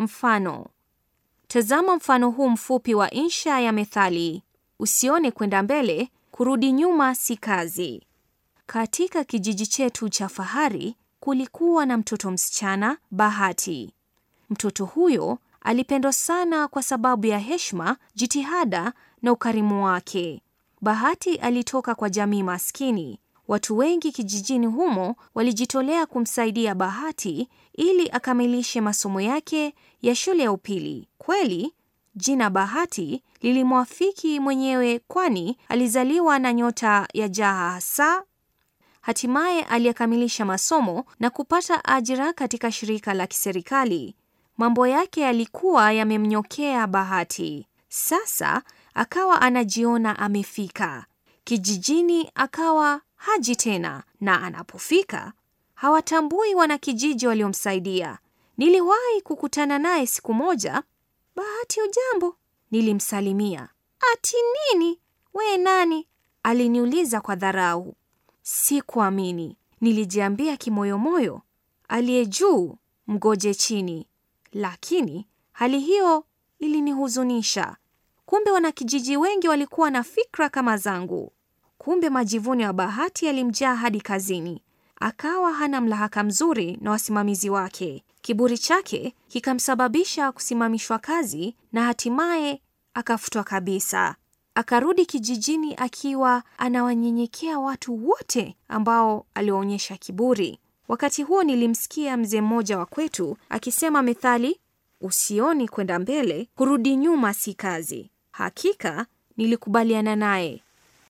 Mfano, tazama mfano huu mfupi wa insha ya methali: usione kwenda mbele, kurudi nyuma si kazi. Katika kijiji chetu cha fahari kulikuwa na mtoto msichana Bahati. Mtoto huyo alipendwa sana kwa sababu ya heshima, jitihada na ukarimu wake. Bahati alitoka kwa jamii maskini. Watu wengi kijijini humo walijitolea kumsaidia Bahati ili akamilishe masomo yake ya shule ya upili. Kweli jina Bahati lilimwafiki mwenyewe, kwani alizaliwa na nyota ya jaha hasa. Hatimaye aliyekamilisha masomo na kupata ajira katika shirika la kiserikali. Mambo yake yalikuwa yamemnyokea Bahati. Sasa akawa anajiona amefika kijijini, akawa haji tena, na anapofika hawatambui wanakijiji waliomsaidia. Niliwahi kukutana naye siku moja. Bahati ujambo, nilimsalimia. Ati nini? We nani? aliniuliza kwa dharau. Sikuamini, nilijiambia kimoyomoyo, aliye juu mgoje chini. Lakini hali hiyo ilinihuzunisha. Kumbe wanakijiji wengi walikuwa na fikra kama zangu. Kumbe majivuno ya Bahati yalimjaa hadi kazini, akawa hana mlahaka mzuri na wasimamizi wake. Kiburi chake kikamsababisha kusimamishwa kazi na hatimaye akafutwa kabisa. Akarudi kijijini akiwa anawanyenyekea watu wote ambao aliwaonyesha kiburi. Wakati huo nilimsikia mzee mmoja wa kwetu akisema methali, usioni kwenda mbele, kurudi nyuma si kazi. Hakika nilikubaliana naye.